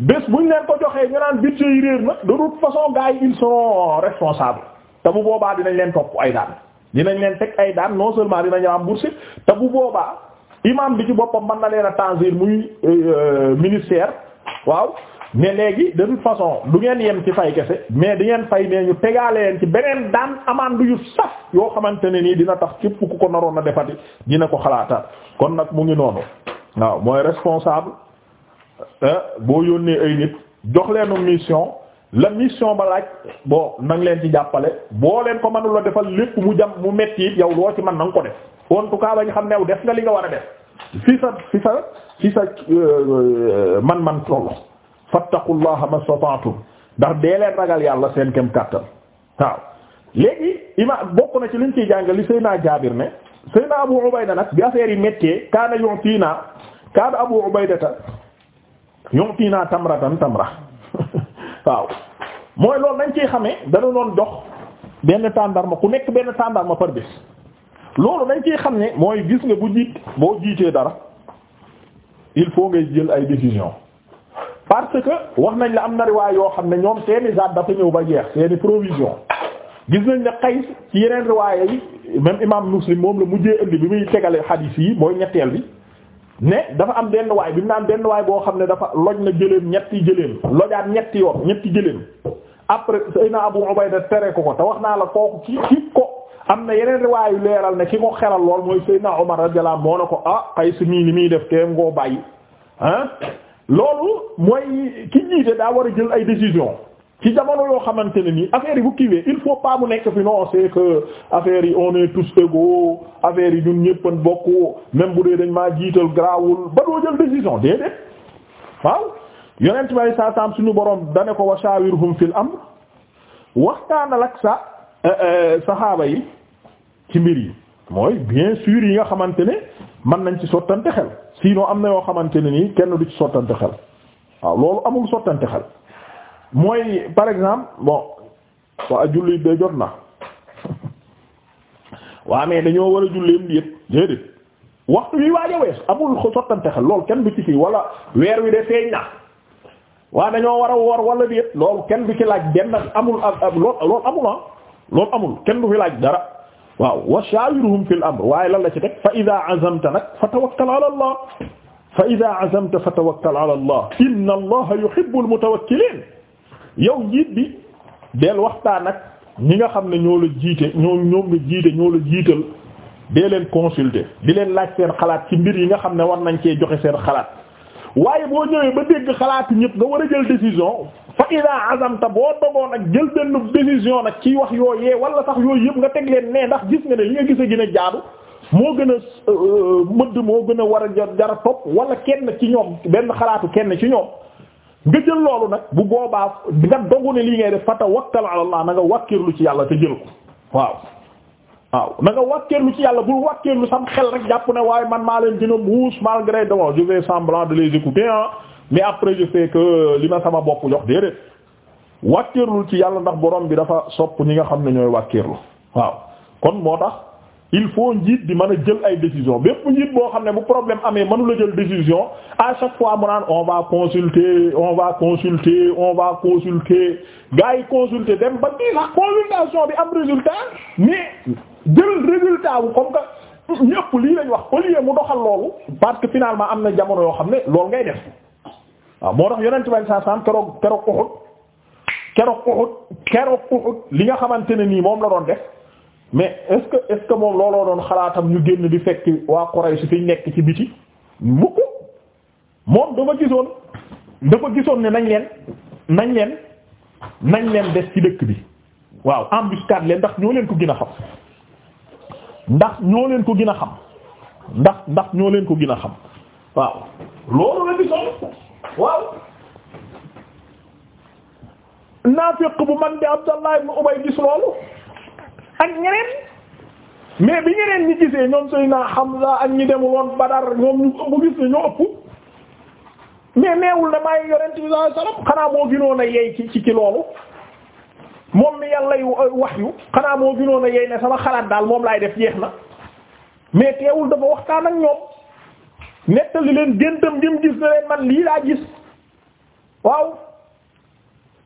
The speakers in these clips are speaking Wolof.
bu ñu leen ko joxee ñu naan budget yi réer na de toute façon gars yi ils sont responsables te bu boobaa dinañ leen topp ay daan dinañ leen teg ay daan non seulement dinañ rembourser te bu boobaa imam bi ci boppam mën na leen a tanzir muy euh, ministère waaw mais léegi de toute façon du ngeen yem ci fay kese mais di ngeen fay nee ñu tegaale leen ci beneen daan amande yu saf yoo xamante ne nii dina tax képp ku ko naroon a defati dina ko xalaataat kon nag mu ngi noonu Ah, boo yónnee ay nit jox leenu mission la mission ba laaj boo nang leen ci jàppale boo leen ko mënula defal lépp mu jam mu metti it yow loo ci man na nga ko def en tout cas bañ xam new def nga li nga war a def fi sa fi sa fi sa euh, man man toll fattaqullaha mastata'tum ndax dee leen ragal yàlla seen kem kàttan waaw léegi ima bokk na ci liñ ciy jàng li Seydina Jaabir ne Seydina Abu Ubayda nag bi affaire yi méttee kaana yu'tina kaana Abu Ubaydata yu'tina tamratan tamra waaw mooy loolu dañ ciy xamee dana dox jox benn tàndarma ku nekk benn tàndarma par bés loolu dañ ciy xam ne mooy gis nga bu jiit boo jiitee dara il faut ngay jël ay décision parce que wax nañ la am na riwaay yoo xam ne ñoom seeni zaat dafa ñëw ba jeex seeni provision gis nañ ne Qays ci yeneen riwaay yi même imam Muslim moom la mujjee indi bi muy tegalee xadiis yi mooy ñetteel bi ne dafa am benn waay bi mu naan benn waay boo xam ne dafa loj na jëleem ñetti jëleem lojaat ñetti yoon ñetti jëleem après sayna Abu Ubayda tere ko ko te wax naa la kooku ki ki ko am na yeneen riwaayu leeral ne ki ko xelal lool mooy naa Umar radiyallahu anhu moo ne ko ah Qays mii li muy def te ngoo bàyyi ah loolu mooy ki jiite daa war a jël ay décision ci jamono yoo xamante ne nii affaire yi bu kiiwee il faut pas mu nekk fi non c'est que affaire yi on est tous égaux affaire yi ñun ñëpp bokk même bu dee dañ maa jiital garaawul ba doo jël décision déedéet waaw yonent bay saa saam suñu borom dane ko wa shawirhum fil amr waxtaanal ak sa eh, eh, saxaaba yi ci mbir yi mooy bien sûr yi nga xamante ne mën nañ ci sottante xel noo am na yoo xamante ne nii kenn du ci sottante xel waaw loolu amul sottante xel. mooy par exemple bon waa julli de jot na waa dañoo war a julleem yëpp déedéet waxtu wi waaj a wees amul sottante xel loolu kenn du ci fii wala weer wi de feeñ na waa dañoo war a woor wala déet loolu kenn du ci laaj benn amul ab lool loolu amul ah loolu amul kenn du i laaj dara waaw wa shawiruhum fil amr waaye lan la ci teg fa idha azamta a fa tawakkal ala allah fa idha azamta fa tawakkal ala allah inna allaha yuhibbul mutawakkilin yow jiit bi del waxtaan ak ñi nga xam ne ñoo la jiite ñoo ñoom la jiite ñoo la jiital dee leen consulter di leen laaj seen xalaat ci mbir yi nga xam ne war nañ cee joxe seen xalaat waaye boo ñëwee ba dégg xalaat ñëpp nga war a jël décision fa ida azamta boo dogoon ak jël benn décision nag ci wax yee wala sax yooyu yëpp nga teg leen nee ndax gis nga ne li nga gis a gën a jaadu moo gën a euh, euh, mëdd moo gën a war a jara topp wala kenn ci ñoom benn xalaatu kenn ci ñoom nga jël loolu nag bu boobaa nga dogu ne lii ngay def fa tawakkal ala Allah na nga wàkkirlu ci yàlla te jël ko waaw waaw na nga wàkkirlu ci yàlla bul wàkkirlu sam xel rek jàpp ne waaye man maa leen dina muus malgré de je fais semblant de les écouter ah mais après je sais que li ma sama bopp jox déedéet wàkkirlu ci yàlla ndax boroom bi dafa sopp ñi nga xam ne ñooy wàkkirlu waaw kon moo tax il faut njiit di mën a jël ay décision bépp njiit boo xam ne bu problème amee mënula jël décision à chaque fois mu naan on va consulter on va consulter on va consulter gars consulter dem ba nii la consultation bi am résultat mais jël résultat lii lañ wax au lieu mu doxal loolu parce que finalement am na jamono yoo xam ne loolu ngay def waaw moo tax yonent bay saa saam keroog keroog Uhud keroog Uhud keroog Uhud li nga xamante ne nii moom la doon def mais est-ce que est moom looloo doon xalaatam ñu génn di fekk waa Quraysh fi nekk ci biti mukk moom dafa gisoon dafa gisoon ne nañ leen nañ leen nañ leen des ci dëkk bi waaw embuscade leen ndax ñoo leen ko gin a xam ndax ñoo leen ko gin a xam ndax ndax ñoo leen ko gin a xam waaw loolu la gisoon waaw naafiq bu man di Abdallah ibn Ubay gis loolu ak ñeneen mais bi ñeneen ñi gisee ñoom Seydina Hamza ak ñi demul woon Badar ñoom ñu bu gis ne ñoo ëpp mais neewul ne maay yonent bi sallallahu alayhi xanaa moo gënoon a yey ci ci loolu moom mi yàlla yu euh, wax yu xanaa moo gënoon a yey ne sama xalaat daal moom laay def jeex na mais teewul dafa waxtaan ak ñoom nettali leen géntam gi mu gis ne leen man lii laa gis waaw.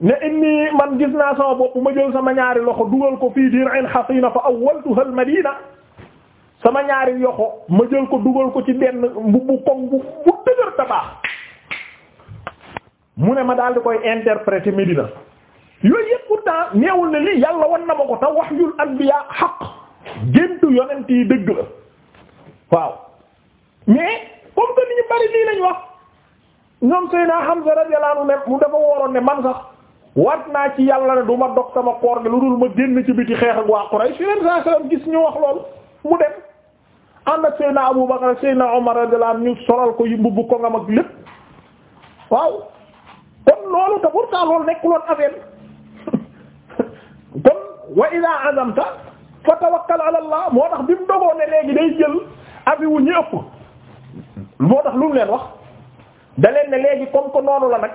ne inni man gis naa sama bopp ma jël sama ñaari loxo dugal ko fii dir'in hasina fa awwaltuha al madina sama ñaari yoxo ma jël ko dugal ko ci benn mbubbu koŋ bu bu tabaax mu ne ma daal di koy interpréter Médina yooyu yëpp pourtant neewul ne lii yàlla wan na ma ko te wahyul anbiya xaq géntu yonent yi dëgg la waaw mais comme que li ñu bari lii lañ wax ñoom Seydina Hamza radiyallahu anhu mu dafa wooroon ne man sax wat naa ci yàlla ne du ma dog sama koor gi lu dul ma génn ci biti xeex ak waa Quraysh yeneen saa salaam gis ñu wax loolu mu dem ànd ak Abu Bakar Seydina Umar radiyallahu ñu solal ko yi mbubb ko ngam ak lépp waaw kon loolu te pourtant loolu nekkuloon affaire kon wa idaa azamta fa tawakkal ala moo tax bi mu dogoon ne léegi day jël avis wu moo tax lu mu leen wax da leen ne léegi comme que noonu la nag.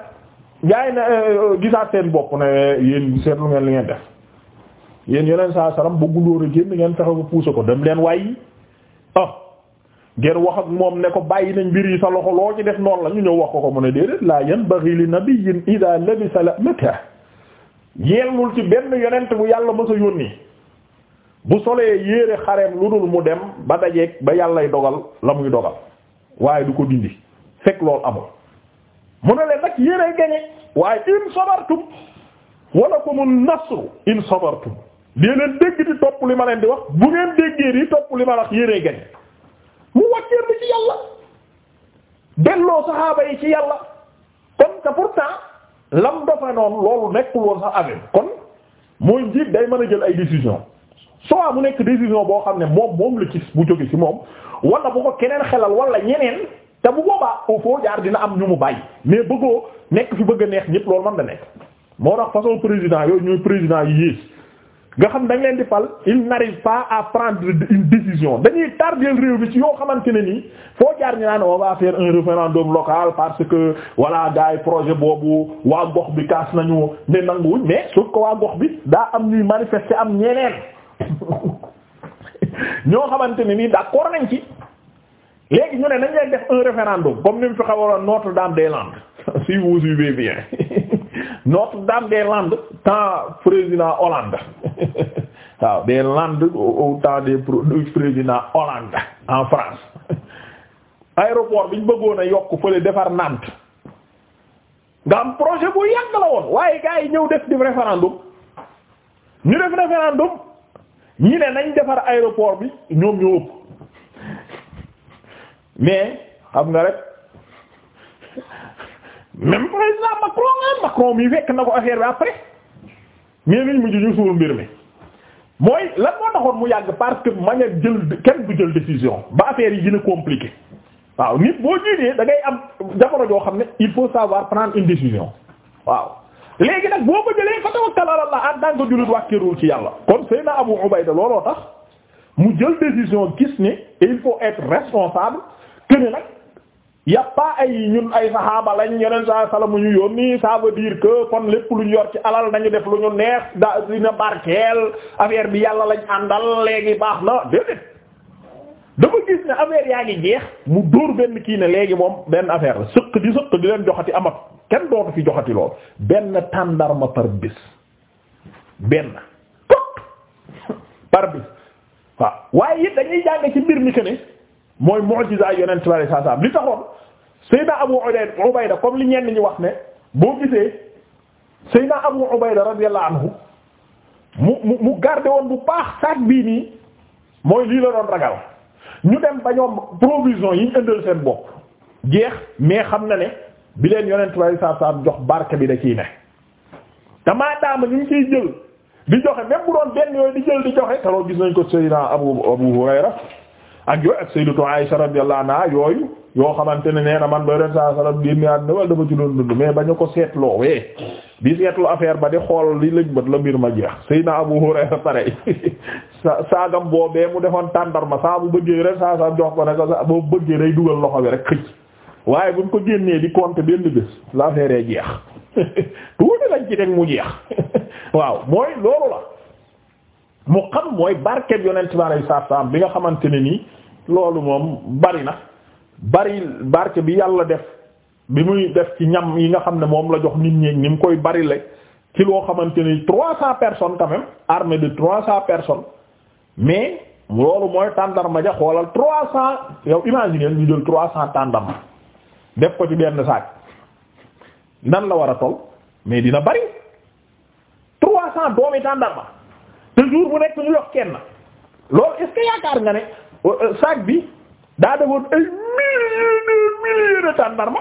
gaay na euh, gisaat seen bopp ne yéen seetlu ngeen li ngeen def yéen yeneen saa saram bëggulóor a génn ngeen fexe ba puusa ko dem leen waay oh ngeen wax ak moom ne ko bàyyi nañ mbir yi sa loxo loo ci def noon la ñu ñëw wax ko ko mu ne déedéet laa yanbaghi li nabiyyin idha labisa lamata yellul ci benn yonent bu yàlla ma mësa yónni bu solee yéere xareem lu dul mu dem ba dajeeg ba yàllay dogal la muy dogal waaye du ko dindi fekk loolu amul mu ne leen nag yéenay gañe waaye in sabartum walakumun nasru in sabartum di leen dégg di topp li ma leen di wax bu ngeen déggee di topp li ma wax yéenay gañe mu wàcceel bi ci yàlla delloo saxaaba yi ci yàlla kon te pourtant lam dafa loolu nekkul woon sax amee kon mooy njiit day mën a jël ay décision soit mu nekk décision boo xam ne moom moom la gis bu jóge ci moom wala bu ko keneen xelal wala ñeneen te bu boobaa au fond jaar dina am ñu mu bàyyi mais bëggoo nekk fi bëgg a neex ñëpp loolu man da nekk moo tax façon président yooyu ñooy président yi yées nga xam dañ leen di pal il n'arrive pas à prendre une décision dañuy tardel réew bi ci yoo xamante ne nii foo jaar ñu naan on va faire un référendum local parce que voilà gars yi projet boobu waa gox bi kaas nañu ne nanguwuñ mais sauf que waa gox bi daa am ñuy manifester am ñeneen ñoo xamante ne nii d'accord nañ ci léegi ñu ne nañ leen def un référendum comme ni mu fi xawaroon Notre-Dame-des-Landes si vous suivez bien Notre-Dame-des-Landes temps président Hollande waaw des Landes temps des président Hollande en France aéroport bi ñu bëggoon a yokk fële defar Nantes nga projet bu yàgg la woon waaye gars ñëw def di référendum ñu def référendum ñi ne nañ defar aéroport bi ñoom ñoo ëpp mais xam nga rek même Macron Macron mi fekk na ko affaire bi après mais liñ mujj ñu mbir mi mooy lan moo taxoon mu yàgg parce que mañ a jël kenn du jël décision ba affaire yi gën a waaw nit boo jiitee da ngay am jamono joo xam ne il faut savoir prendre une décision waaw léegi nag boo ko jëlee fa tawakkal ala Allah en tant que jullit wàkkeerul ci yàlla kon Seydina Abu Ubayda looloo tax mu jël décision gis ne il faut être responsable këne nag yàppaa ay ñun ay saxaaba lañ yeneen saa salamu ñu yónni ça veut dire que kon lépp lu ñu yor ci alal nañu def lu ñu neex da dina barkeel affaire bi yàlla lañu àndal léegi baax na déedéet dafa gis ne affaire yaa ngi jeex mu dóor benn kii ne léegi moom benn affaire la sëq di sëq di leen joxati amat kenn dootu fi joxati lool benn tàndarma par bis benn par bis waaye it dañuy jàng ci mbir mi que mooy mu'jiza yonent bi sallallahu alayhi wasallam li taxoon Seydina Abu Ubayda comme li ñenn ñi wax ne boo gisee Seydina Abu Ubayda radiyallahu anhu mu mu mu garde woon bu baax saak bii nii mooy lii la doon ragal ñu dem ba ñoom provision yi ñu indil seen bopp jeex mais xam na ne bi leen yonent bi saa saa jox barke bi da ciy ne te maadaama ñu ngi ciy jël di joxe même bu doon benn yooyu di jël di joxe te loolu gis nañ ko Seydina Abu Abu Hurayra ak yooyu ak sayyidatu Aisha radiyallahu anha yoo xamante ne nee man ba ren saa salam génn àddina wala dafa ci doon dund mais ba bañu ko seetloo wee di seetlu affaire ba di xool li lañ bët la mbir ma jeex Seydina Abu Hurayra pare sa saagam boobee mu defoon tàndarma saa bu bëggee ren saa saa jox ko ne ko sa boo bëggee day dugal loxo bi rek xëcc waaye buñ ko génnee di compter benn bés l'affaire jeex tuuti lañ ci teg mu jeex waaw mooy loolu la. mu xam mooy barkeb yonent bi alayhi salaam bi nga xamante ne nii loolu moom bari na bari barke bi yàlla def bi muy def ci ñam yi nga xam ne moom la jox nit ñi ni mu koy bari la ci loo xamante ni trois cents personnes quand même armée de trois cents personnes mais loolu mooy tàndarma ja xoolal trois cents yow imaginer ñu jël trois cents tàndarma def ko ci benn saak nan la war a toll mais dina bari trois cents doomi tàndarma te jour bu nekk ñu yokk kenn loolu est-ce que yaakaar nga ne euh, sac bi daa defoon ay milliers de milliers de tàndarma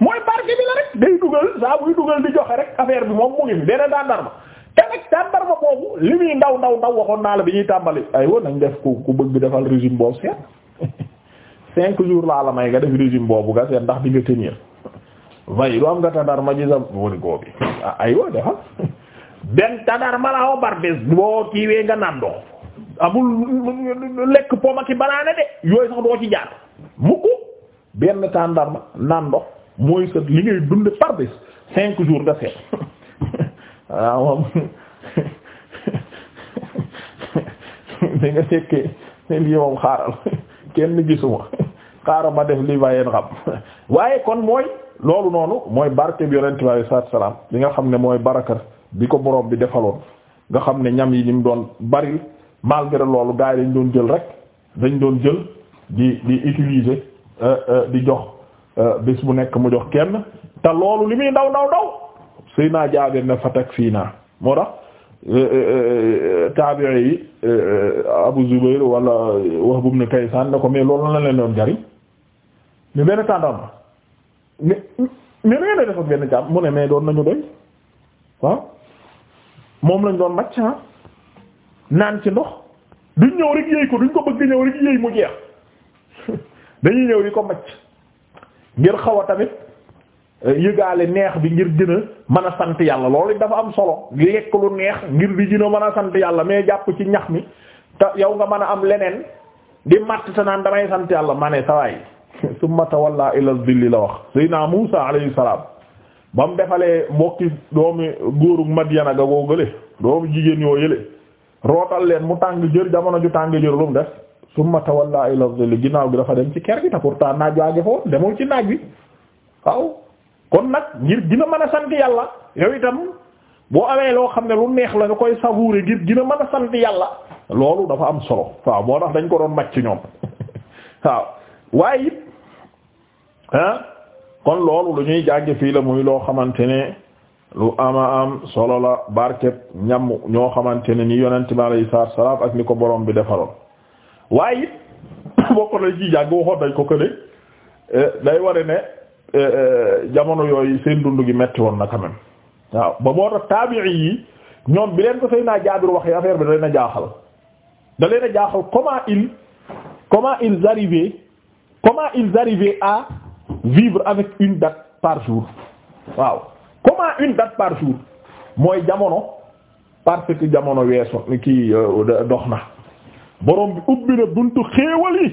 mooy barke bi la rek day dugal saa buy dugal di joxe rek affaire bi moom mu ngi fi beneen tàndarma te nag tàndarma boobu li muy ndaw ndaw ndaw waxoon naa la bi ñuy tàmbali ay aywa nañ def ku ku bëgg defal régime boobu seet cinq jours laa la may nga def régime boobu nga seet ndax di nga tenir waaye du am nga tàndarma ji sa wërgoo bi ah, aywa defal. benn tàndaar mala wa barbes boo kiiwee nga naan ndox amul lekk poma ki banaana de yooyu sax doo ci jaar mukk benn tàndarma naan ndox mooy sa li ngay dund par bés cinq jours nga seet waaw ah, moom di nga nekkee ne lii moom xaaral kenn gisuma xaaral ma def li bàyyeen xam waaye kon mooy loolu noonu mooy barke bi yonent bi alayhi salaam li nga xam ne mooy barakat bi ko boroom bi defaloon nga xam ne ñam yi ni mu doon bari malgré loolu gars yi dañ doon jël rek dañ doon jël di di utiliser euh, euh, di jox euh, bis bu nekk mu jox kenn te loolu li muy ndaw ndaw ndaw suy naa jaabir ne fatak fii naa moo tax tabi'i yi Abu Zubayr wala Wahb ibn Kaysan ne ko mais loolu la leen doon jariñ mais benn tàndarma mais mais mu ne mais doon nañu doy moom lañ doon macc ah, naan ci ndox duñ ñëw rek yéey ko duñ ko bëgg ñëw rek yéey mu jeex dañuy ñëw di ko macc ngir xaw a tamit eh, yëgaale neex bi ngir gën a mën a sant yàlla loolu dafa am solo lekk lu neex ngir di gën a mën a sant yàlla mais jàpp ci ñax mi te yow nga mën a am leneen di matt te naan damay sant yàlla ma ne sawaay summa tawalla ila dhilli la wax sayna Musa alayhi salaam ba mu defalee mbokki doomi góorug Madyana ga goo gële doomu jigéen yoo yële rootal leen mu tàng jër jamono ju tàng jër lu mu def summa tawalla ila dhilli ginnaaw gi dafa dem ci ker gi te pourtant naaj waa ngi foofu demul ci naaj bi waaw kon nag ngir gën a mën a sant yàlla yow itam boo amee loo xam ne lu neex la koy savourer ngir gën a mën a sant yàlla loolu dafa am solo waaw moo tax dañ ko doon màcc ñoom waaw waaye it kon loolu lu ñuy jànge fii la muy loo xamante ne lu ama am solo la barkeb ñam ñoo xamante ne ni yonente bi alayhi salaam ak ni ko borom bi defaroon waaye it bokk na ci jàng waxoon dañ ko këne eh, day ware ne eh, eh, jamono yooyu seen dund gi metti woon na waaw ba moo ta taabi'i yi ñoom bi leen ko sëy naa Jaabir waxee affaire bi da leen jaaxal da leen jaaxal comment il comment ils arrivaient comment ils arrivaient à vivre avec une date par jour waaw comment une date par jour mooy jamono parce que jamono weesu kii euh, dox na borom bi ubbi na buntu xéewal yi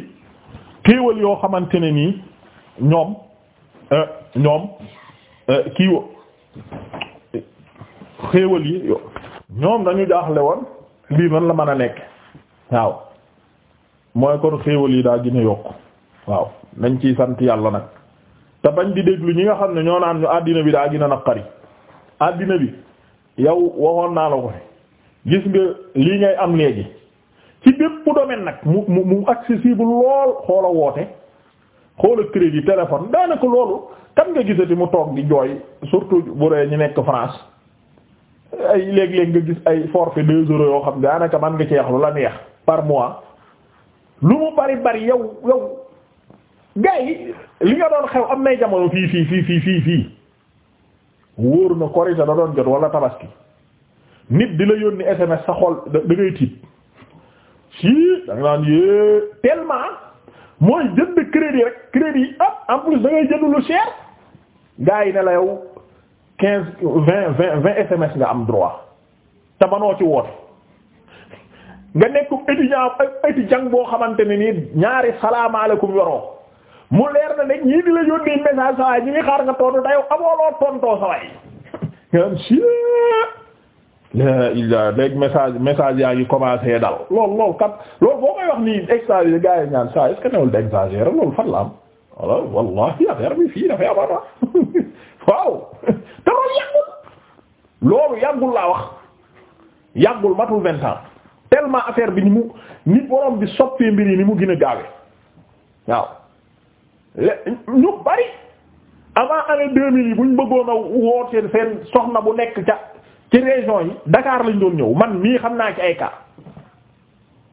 xéewal yoo xamante ne nii ñoom euh, ñoom euh, kii xéewal yi ñoom dañu jaaxle woon lii man la mën a nekk waaw mooy kon xéewal yi daa gën yokk waaw nañ ciy sant yàlla nag te bañ di déglu ñi nga xam ne ñoo naan ñu àddina bi daa gën a naqari àddina bi yow waxoon naa la ko gis nga lii ngay am léegi ci bépp domaine nag mu mu mu accessible lool xoola woote xoola crédit téléphone daanaka loolu kan nga gisati mu toog di jooy surtout bu dee ñu nekk France ay léeg-léeg nga gis ay forfait deux euros yoo xam daanaka man nga ci wax lu la neex par mois lu mu bari bari yow yow. gars yi li nga doon xew am nay jamono fii fii fii fii fii fii wóor na korite da doon jot wala tabaski nit di la yónni SMS sa xol da ngay tiit si da nga naan yee mooy jënd crédit rek crédit ah en plus da ngay jënd lu yi ne la yow quinze vingt vingt vingt SMS nga am droit te ci woote nga nekkum étudiant étudiant boo xamante ni nii ñaari salaamaaleykum yoroo. mu leer na nag ñii di la yónnee message sa waay ñu ngi xaar nga tontu dayo amoo loo tontoo sa waay gaan si la illa léegi message message yaa ngi commencé dal loolu loolu kat loolu boo koy wax nii exagéré gars yi ñaan ça est-ce que newul d'exagéré loolu fan la am wala wallahi affaire bi fii dafay amara ah. waaw te loolu yàggul loolu yàggul laa wax yàggul matul vingt ans tellement affaire bi ni mu ni borom bi soppi mbir yi ni mu gën a gaawe waaw ñu bari avant année 2000 yi bu ñu bëggoon a woote seen soxna bu nekk ca ci région yi Dakar lañ doon ñëw man mii xam naa ci ay cas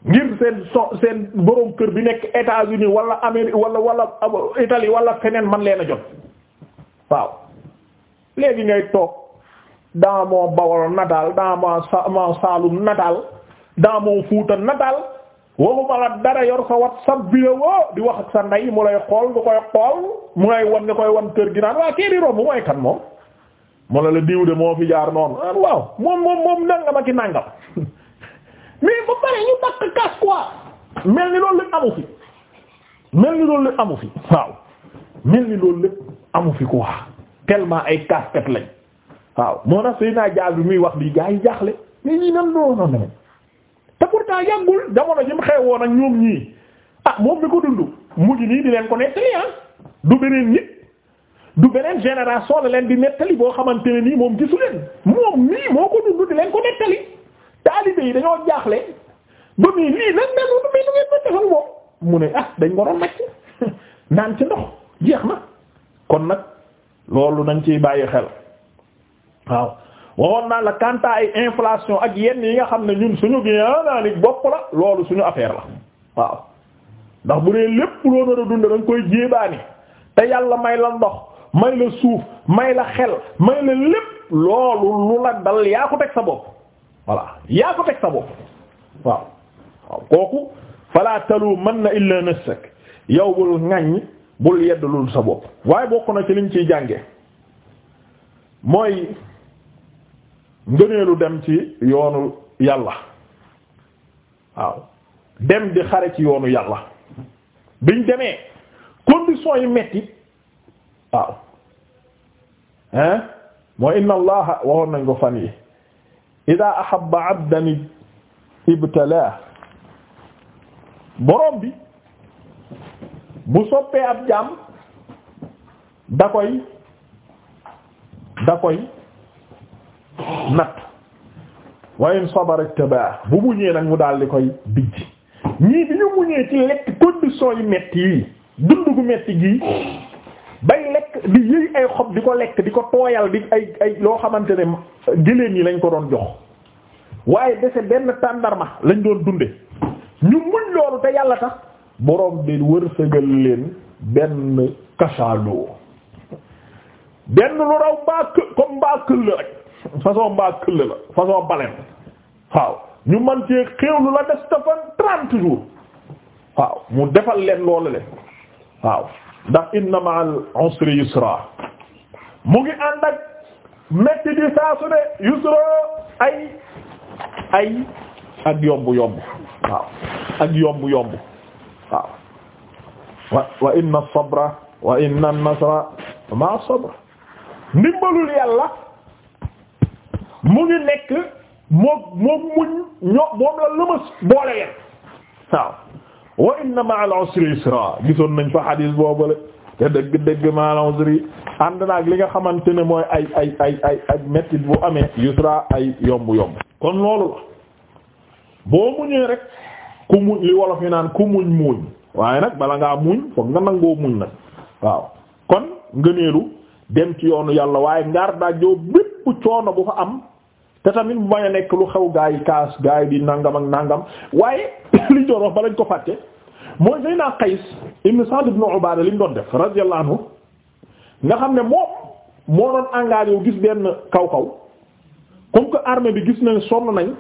ngir seen so seen borom kër bi nekk États-Unis wala Amérique wala wala Italie wala feneen man leen a jot waaw léegi ngay toog dans mon Bawol natal dans mon Saalum natal dans Fuuta natal waxuma la dara yor sa whatsapp bi la woo di wax ak sa ndey mu lay xool nga koy xool mu lay wan nga koy wan kër gi naan waa kii di romb mooy kan la diw de moo jaar noonu waaw moom moom moom nangam ak i nangam mais ba pare ñu takk kas quoi mel ni loolu lépp amu fi mel ni loolu lépp amu fi waaw mel ni loolu lépp amu fi quoi tellement ay casquette lañ waaw moo tax naa Jaabir bi muy wax lii gaa yi jaaxle mais ñii nan loolu noonu temps yàggul jamono ji mu xewoon ak ñoom ñii ah moom mi ko dund mujj nii di leen ko nettali ah. du beneen nit du beneen génération la leen di nettali boo xamante ne nii moom gisu leen moom mii moo ko dund di leen ko nettali taalibe yi dañoo jaaxle ba muy lii lan la lu mu ne ah dañ waroon màcc naan ci ndox jeex na kon nag loolu nañ ciy bàyyi xel waaw. waxoon naa la quant à inflation ak yenn yi nga xam ne ñun suñu ginaanaanig bopp la loolu suñu affaire la waaw ndax bu dee lépp loo nar koy jéebaani te yàlla may la ndox may la may la xel may la lépp loolu lu la dal yaa ko teg sa bopp voilà yaa ko teg sa bopp waaw kooku fala mën na illa nafsak yow bul ŋàññ bul yeddalul sa bopp waaye bokk na ci liñ ciy jànge mooy ngëneelu dem ci yoonu yàlla waaw dem di xare ci yoonu yàlla biñ demee conditions yi metti waaw hein mooy inna allaha waxoon nañ ko fan yi ida ahabba abdan ibtala borom bi bu soppee ab jaam da koy da koy natt wa in sabara tabaa bu muñee nag mu daal di koy bijj ñii bi ñu muñee ci lekk condition yu metti yi dund gu metti gii bay lekk di yëy ay xob di ko lekk di ko tooyal di ay ay loo xamante ne gëléem yi lañ ko doon jox waaye dese benn tàndarma lañ doon dunde ñu muñ loolu te yàlla tax borom bi wërsëgal leen benn kasaaloo benn lu raw mbaa kë comme mbaa këll rek façon mbaa këll la façon balen waaw ñu man cee la des ta fan trente waaw mu defal leen loolu le waaw ndax inna ma'al usri yusra mu ngi ànd ak metti di saasu de yusra ay ay ak yomb yomb waaw ak yomb yomb waaw wa wa inna sabra wa inna nasra ma sabra ndimbalul yàlla mu ngi nekk moom moom muñ ñoo moom la lëmas boole yen waaw wa inna ma'al usri yusra gisoon nañ fa xadiis boobu le te dëgg dëgg ma'al usri ànd naag li nga xamante ne mooy ay ay ay ay ay mettit bu amee yusra ay yomb yomb kon loolu la boo muñee rek ku muñ li wolof yi naan ku muñ muñ waaye nag bala ngaa muñ foog nga nangoo muñ nag waaw kon ngëneelu dem ci yoonu yàlla waaye ngaar daajoo bépp coono bu fa am te tamit mu bañ a nekk lu xew gaa yi kaas gaay yi nàngam nangam ak nangam waaye li ñu doon wax ba ko fàtte mooy day naa Qays ibn Sa'd ibn Ubaada li mu doon def radiyallahu anhu nga xam ne moom moo doon engagé wu gis benn kaw kaw comme que armée bi gis nañ sonn nañ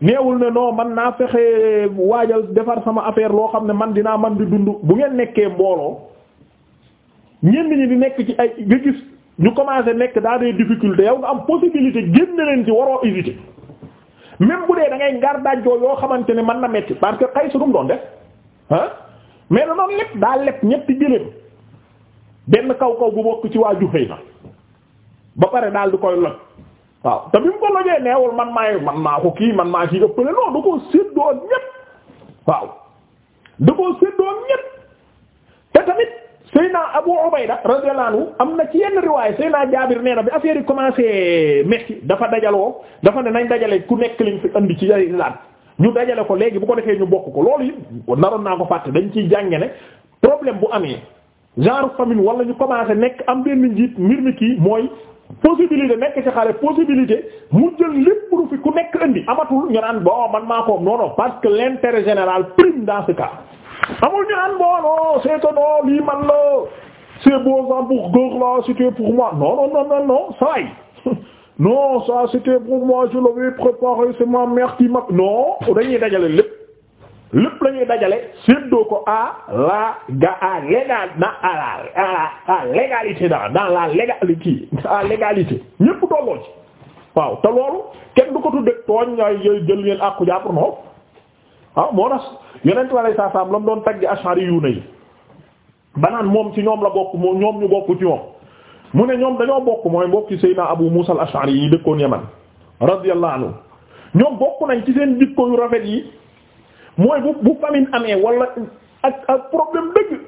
neewul ne noo man naa fexe waajal defar sama affaire loo xam ne man dinaa man di dund bu ngeen nekkee mbooloo ñenn ñi di nekk ci ay nga gis ñu commencé nekk daa des difficultés yow nga am possibilité génn leen ci waroo hésiter même bu dee dangay ngay ngar daajoo yoo xamante ne man na metti parce que xay sunum doon def ah mais da doon lépp daa lépp ñetti jëléem benn kaw kaw bu bokk ci waa Juhayna ba pare daal di koy loj waaw te bi mu ko lojee neewul man maay man maa ko kii man maa kii ëppale non du ko séddoo ñépp waaw du ko séddoo ñépp te tamit Seyna Abu Ubayda radiyallahu anhu am na ci yenn riwaay Seyna Jaabir nee bi affaire yi commencé metti dafa dajaloo dafa ne nañ dajale ku nekk liñ fi andi ci ay laaj ñu dajale ko léegi bu ko defee ñu bokk ko loolu it naroon naa ko fàtte dañ ciy jànge ne problème bu amee genre famine wala ñu commencé nekk am benn njiit mbir mi kii mooy possibilité nekk ci xale possibilité mu jël lépp lu fi ku nekk andi amatul ñu naan bon man maa ko non non parce que l'intérêt général amul ñu naan mbooloo c'est étonnant lii man la c'est beau ça pour góor la c'était pour moi non non non non non ça non ça c'était pour moi je l'avais préparé c'est ma mère qui m'a non dañuy dajale lépp lépp dajale séddoo ko à la ga à légal na la à la légalité dans la légalité à légalité ñépp dolloo ci waaw kenn du ko tudde tooñ ay jël ngeen àqu jàpp non ah moo tax yonent wala saa saam la mu doon tagg ashari yu ne banaan moom ci ñoom la bokk moom ñoom ñu bokk ci moom mu ne ñoom dañoo bokk mooy mbokk Seydina Abu Musa al-Ash'ari yi dëkkoon Yaman radiyallahu anhu ñoom bokk nañ ci seen jikko yu rafet yi mooy bu bu famine amee wala ak ak problème dëgg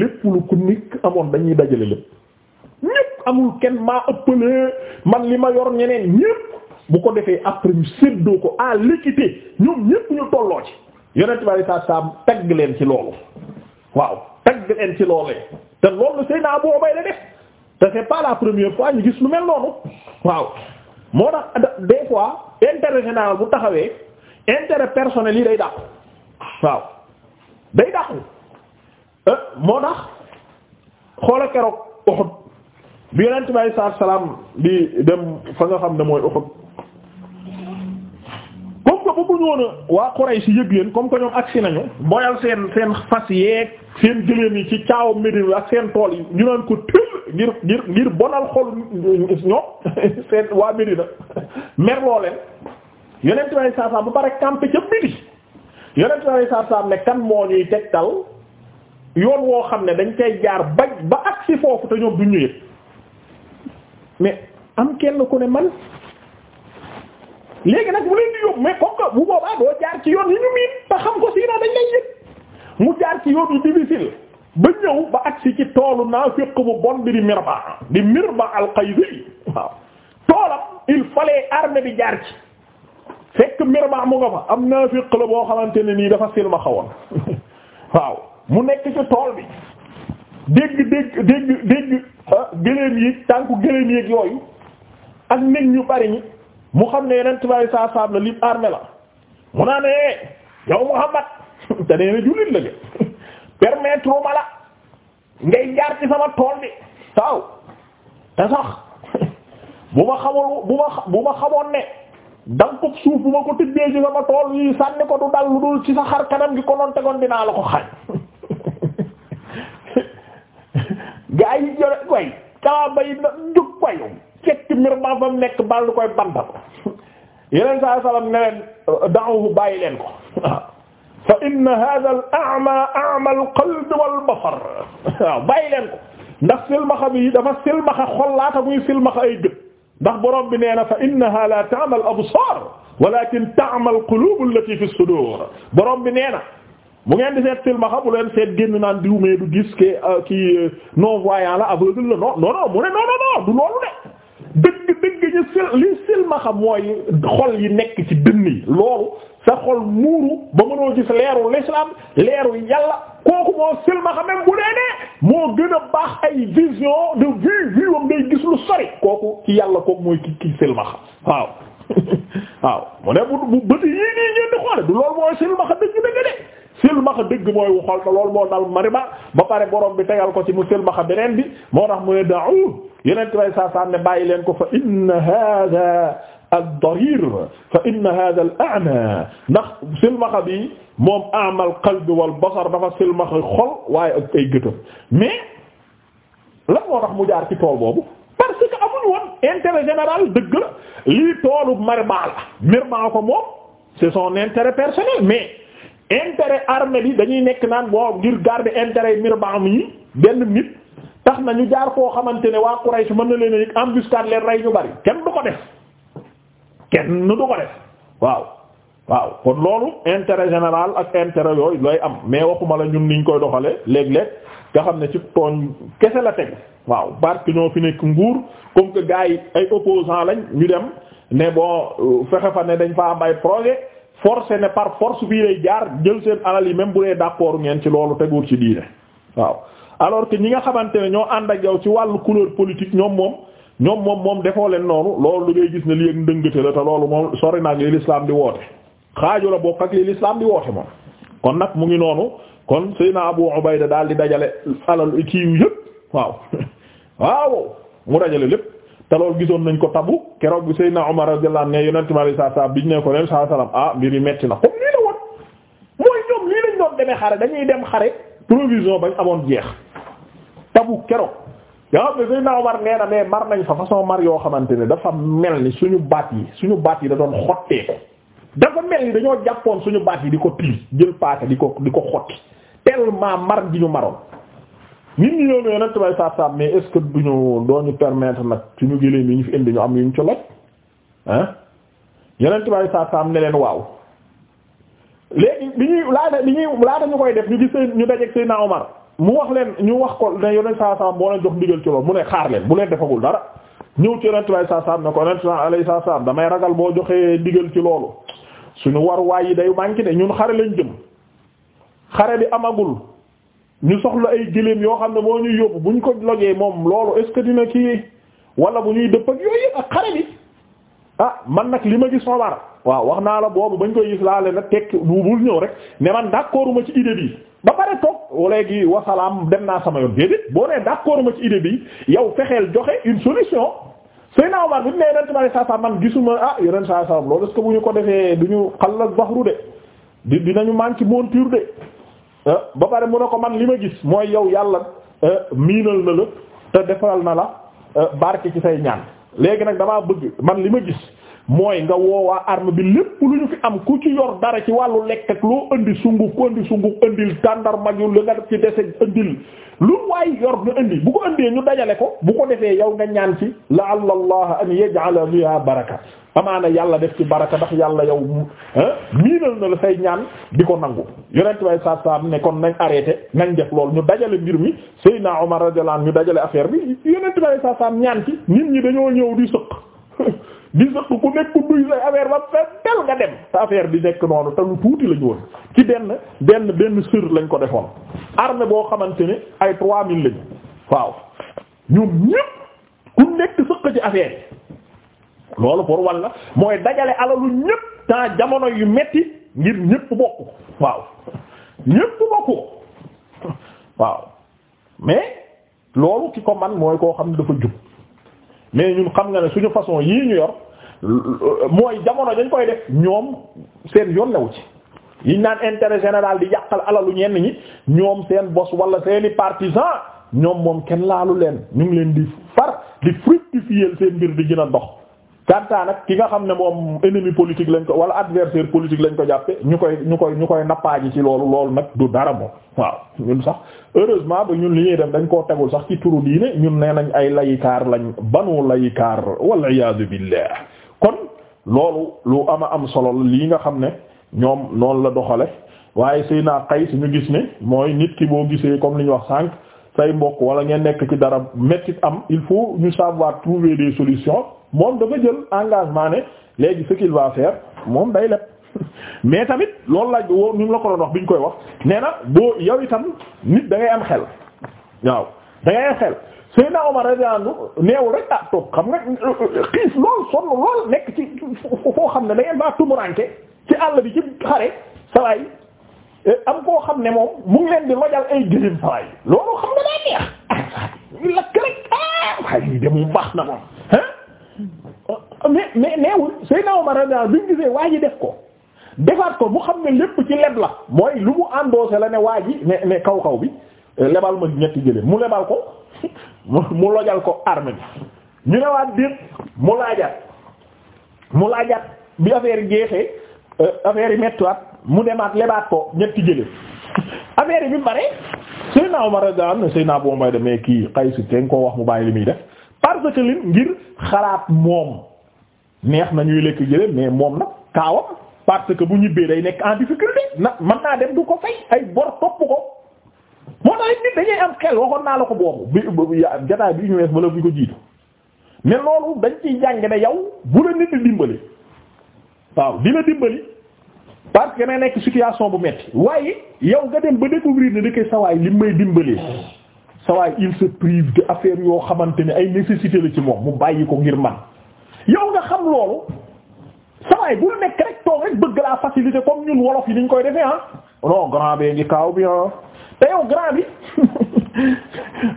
lépp lu ku nekk amoon dañuy dajale lépp ñépp amul kenn maa ëppalee man li ma yor ñeneen ñépp bu ko defee après ñu séddoo ko à l'équité ñoom ñépp ñu tolloo ci yonent bi saa saam tagg leen ci loolu waaw tagg leen ci loolee te loolu Seydina Abu Ubayda def te c'est la première gis lu mel noonu waaw bu taxawee intérêt personnel yi day dàqu waaw day dàqu euh, moo tax xoola keroog Uhud bi yonent bi salaam di dem fa nga xam ne mooy Uhud woon a waa Quraysh yëg leen comme que ñoom agsi nañu boyal seen seen fas yeeg seen jëleen yi ci caawa Médine ak seen tool yi ñu naan ko tël ngir ngir ngir bonal xol ñoom seen waa Médina mer loo leen yonent bi saa saa bu pare campé ca midi yonent bi saa saa ne kan moo ñuy tegtal yoon woo xam ne dañ koy jaar ba ba agsi foofu te ñoom duñ ñu yëg mais am kenn ku ne man léegi nag mu leen di yóbbu mais comme que bu boobaa doo jaar ci yoon yi ñu miin te xam ko sinon dañ lay yëg mu jaar ci yoon yu difficile ba ñëw ba agsi ci toolu naafiq bu bon bi di Mirba di Mirba al-Qaysi waaw toolam il fallait armée bi jaar ci fekk Mirba mu nga fa am naafiq la boo xamante ne nii dafa silma xawoon waaw mu nekk ci tool bi dégg dégg dégg dégg ah, gëléem yi tànku gëléem yi yooyu ak nit ñu bari ñi. mu xam ne yeneen tubaab saa saab la libre armée la mu naa ne eh, yow Muhammad te nee na jullit la de permettre ma la ngay jaar ci sama tool bi waaw te sax bu ma xamul bu ma bu ma xamoon ne dankub suuf bu ma ko tibbee ci sama tool yi sànni ko du dal lu dul ci sa xar kanam gi konoon tegoon dinaa la ko xañ gaa yi jore way kaa bay na jug wayu cekk mbir maa fa nekk bal du koy bantal yeneen saa salaam ne leen da'uhu bàyyi leen ko fa inna hadha al a'ma dafa silmaxa xol laata muy silmaxa ay gët ndax borom bi nee na fa innaha la ta'ma al absar walakin ta'ma al bi nee na bu ngeen di seet silmaxa bu leen seet génn naan diw mais du gis ke kii non voyant la aveugle la non non non mu ne non non sil li silmaxa mooy xol yi nekk ci dënn yi loolu sa xol muuru ba mënoo gis leeru l'islam leeru yàlla kooku moo silmaxa même bu dee moo gën a baax ay vision de vue ngay gis lu sori kooku ci yàlla kooku mooy ki ki silmaxa waaw waaw mu ne bu bu bëti yii nii ngeen di xoole du loolu mooy silmaxa dëgg dëgg de silmaxa dëgg mooy wu xol te loolu moo dal mariba ba pare borom bi tegal ko ci mu silmaxa beneen bi moo tax mu ne da'u yeneen way saa ne bàyyi leen ko fa inna hadha ad-darir fa inna al-a'ma ndax bi moom a'ma al-qalb wal basar dafa silmaxa xol waaye ak ay gëtëm mais lan moo tax mu jaar ci tool boobu parce que amuñu woon intérêt général dëgg la lii toolu mariba la mariba ko moom c'est son intérêt personnel mais intérêt armée bi dañuy nekk naan boo ngir garder intérêt yi Mirbaam yi benn nit tax na ñu jaar koo xamante ne waa Quraysh mën na leen a yëg embuscade leen rey ñu bari kenn du ko def kenn du ko def waaw waaw kon loolu intérêt général ak intérêt yooyu looy am mais waxuma la ñun niñ koy doxale léeg-léeg nga xam ne ci tooñ kese la teg waaw parce que ñoo fi nekk nguur comme que gars yi ay opposants lañ ñu dem ne boo fexe fa ne dañ fa am ay projet forcé ne par force bii lay jaar jël seen alal yi même bu dee d'accord ngeen ci loolu teguur ci diine waaw alors que ñi nga xamante ne ñoo ànd ak yow ci wàllu couleur politique ñoom moom ñoom moom moom defoo leen noonu loolu da ngay gis ne li ak ndëngate la te loolu moom sori na ak li l'islam di woote xaaju la bokk ak li l'islam di woote moom kon nag mu ngi noonu kon Seydina Abu Ubayda daal di dajale alal kii yu yëpp waaw waaw mu dajale lépp te loolu gisoon nañ ko tabu keroog bi Seydina Omar radiyallahu anhu ne yonent mi alayhi salaam biñ ne ko ne saa salaam ah mbir yi metti na comme lii la woon mooy ñoom lii lañ doon demee xare dañuy dem xare provision bañ amoon jeex tabu keroog yoo xam ne Seydina Omar nee na mais mar nañ fa façon mar yoo xamante ne dafa mel ni suñu baat yi suñu baat yi da doon xottee ko dafa mel ni dañoo jàppoon suñu baat yi di ko tiir jël paaka di ko di ko xotti tellement mar gi ñu maroon. nit ñi ñëw ne yonent bay saab mais est-ce que duñu dooñu permettre nag suñu géléem yi ñu fi indi ñu am yuñ ci loj ah yonent bay saab ne leen waaw léegi bi ñuy laata bi ñuy laata ñu koy def ñu gis ñu dajeek Seydina Omar mu wax leen ñu wax ko ne yonent saa saam boo leen jox ndigal ci loolu mu ne xaar leen bu leen defagul dara ñëw ci yonent bay saab ne ko yonent alay saab damay ragal boo joxee ndigal ci loolu ñu war waay yi day manqué de ñun xare lañ jëm xare bi amagul ñu soxla ay gëléem yoo xam ne moo ñuy yóbbu ñu ko logee moom loolu est-ce que dina kii wala bu ñuy dëpp ak yooyu ak xare bi ah man nag li ma gis Omar waaw wax naa la boobu bañ koy gis laa leen tekki bu bul ñëw rek ne man d'accord ma ci idée bi ba pare toog léegi wasalaam dem naa sama yoon déedéet boo nee d'accord ma ci idée bi yow fexeel joxe une solution Seydina Omar bi mu nee ren tamit saa saa man gisuma ah yeneen saa saa loolu est-ce que ñu ko defee du ñu xàllal baxru de di dinañu manqué monture Euh, ba pare mu ne ko man li ma gis mooy yow yàlla euh, miinal na la te defal na la euh, barki ci say ñaan léegi nag damaa bëgg man li ma gis mooy nga woowaa arme bi lépp lu ñu fi am ku ci yor dara ci wàllu lekk loo indi sunguf ku indi sunguf indil tàndar mag yu li nga ci dese indil lu waay yor nga indi bu ko indee ñu dajale ko bu ko defee yow nga ñaan ci la allah an yaj'ala fiha baraka amaana yàlla def ci baraka ndax yàlla yow miinal na la say ñaan di ko nangu yonent way saat saam ne kon nañ arrêté nañ def lool ñu dajale mbir mi Seydina Omar radiyallahu ñu dajale affaire bi yonent way ñaan ci nit ñi dañoo ñëw di sëq di sëq ku nekk ku duy say affaire ba fa nga dem te affaire bi nekk noonu te lu tuuti la ñu ci benn benn benn sër lañ ko defoon armée boo xamante ne ay 3000 lañu waaw ñoom ñépp ku nekk sëq ci affaire loolu pour wal la mooy dajale alalu ñépp temps jamono yu metti ngir ñépp bokku waaw ñépp bokku waaw mais loolu ki ko man mooy koo xam ne dafa jub mais ñun xam nga ne suñu façon yii ñu yor mooy jamono dañ koy def ñoom seen yoon lewu ci yiñ naan intérêt général di yàqal alalu ñenn ñi ñoom seen bos wala seeni partisan ñoom moom kenn laalu leen ñu ngi leen di far di fructifier seen mbir di gën a dox kanta nag ki nga xam ne moom ennemi politique lañ ko wala adversaire politique lañ ko jàppe ñu koy ñu koy ñu koy nappaaji ci loolu loolu nag du dara moom waaw ñun sax heureusement bu ñun li def dañ koo tegul sax ci turu diine ñun nee nañ ay layikaar lañ banu layikaar wal iyaadu billah kon loolu lu ama am solo lii nga xam ne ñoom noonu la doxale waaye sëy naa xay ñu gis ne mooy nit ki boo gisee comme li ñu wax sànq say mbokk wala ngeen nekk ci dara méttit am il faut ñu savoir trouver des solutions moom dafa jël engagement ne léegi ce qu'il moom day leb mais tamit loolu laaj woo ñu la ko doon bi ñu koy wax nee na boo yow itam nit da am xel waaw da ngay am xel Seydina Omar radiyallahu ah, xam nga xiif lool xam ne da ngeen ci àll bi ci eh, koo xam ne moom mu ngi leen di lojal ay rek ah waaye de mu baax na moom mais mais neewul Seydina Omar radiyallahu bi ñu gisee waa ji def ko defaat ko mu xam ne lépp ci leb la mooy lu mu endossé la ne waa ji ne ne kaw kaw bi lebal ma ñetti jëlee mu lebal ko mu lojal ko arme bi ñu newaat déet mu laajaat mu laajaat bi affaire yi jeexee euh, affaire yi mettiwaat mu demaat lebaat ko ñetti jëlee affaire bi mu bare ma Omar radiyallahu anhu Seydina Abu Ubayda mais kii Qays ten koo wax mu bàyyi li muy def parce que lim ngir xalaat moom neex na ñuy lekk jëlee mais moom nag kaawam parce que bu ñibbee day nekk en difficulté na mën naa dem du ko fay ay bor topp ko moo tax nit dañuy am xel waxoon naa la ko boobu bi jataay bi ñu bala bu ko jiitu mais loolu dañ ciy jàng ne yow bu la nit di dimbali waaw di dimbali parce que na nekk situation bu metti waaye yow nga dem ba découvrir ne da koy sawaay lim may dimbalee sawaay il se prive de affaire yoo xamante ne ay nécessité la ci moom mu bàyyi ko ngir man yow nga xam loolu sawaay bul nekk rek toog rek bëgg laa facilité comme ñun wolof yi niñ koy defee ah non grand bee ngi kaaw bi ah te yow grand bi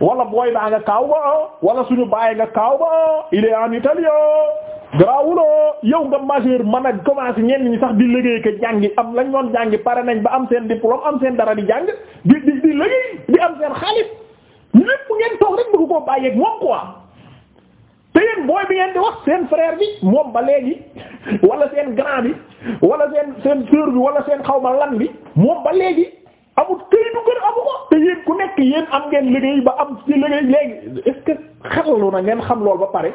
wala booy baa nga kaaw ba ah. wala suñu bàyyi nga kaaw ba ah. il est en Italie ah. grawuloo yow nga majeur man a commencé ñenn ñi sax di liggéey ke jàngi am lañ doon jàngi pare nañ ba am seen diplôme am seen dara di jàng di bàyyeeg moom waa te yéen booy bi ngeen di wax seen frère bi moom ba léegi wala seen grand bi wala seen seen sœur bi wala seen xawma lan bi moom ba léegi amul këyitu gën amu ko te yéen ku nekk yéen am ngeen liggéey ba am ci liggéey léegi est-ce que xalalu na ngeen xam lool ba pare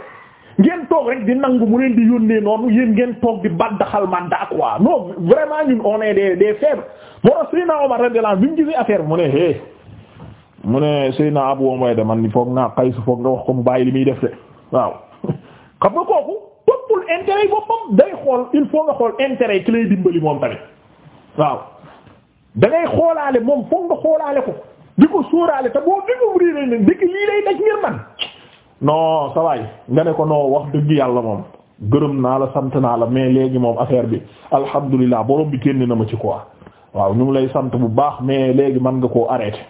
ngeen toog rek di nangu mu leen di yónnee noonu yéen ngeen toog di baddaxal mandat quoi non vraiment ñun on est des des faibles a tax Seydina Omar radiyallahu anhu bi mu gisee affaire bi mu ne mu ne Seydina Abu Umayda man foog naa Qays foog nga wax ko mu bàyyi li muy def de waaw xam nga kooku toppul intérêt yi boppam xool il faut nga xool intérêt yi ki moom tamit waaw da foog nga xoolaale ko di ko sóoraale te boo découvrir ne ndekki lii lay daj ngir man non sa nga ne ko noo wax dëgg yàlla moom gërëm naa la sant naa la mais léegi moom affaire bi alhamdulillah borom bi kenn na ma ci quoi waaw ñu ngi lay sant bu baax mais léegi man nga koo arrêté.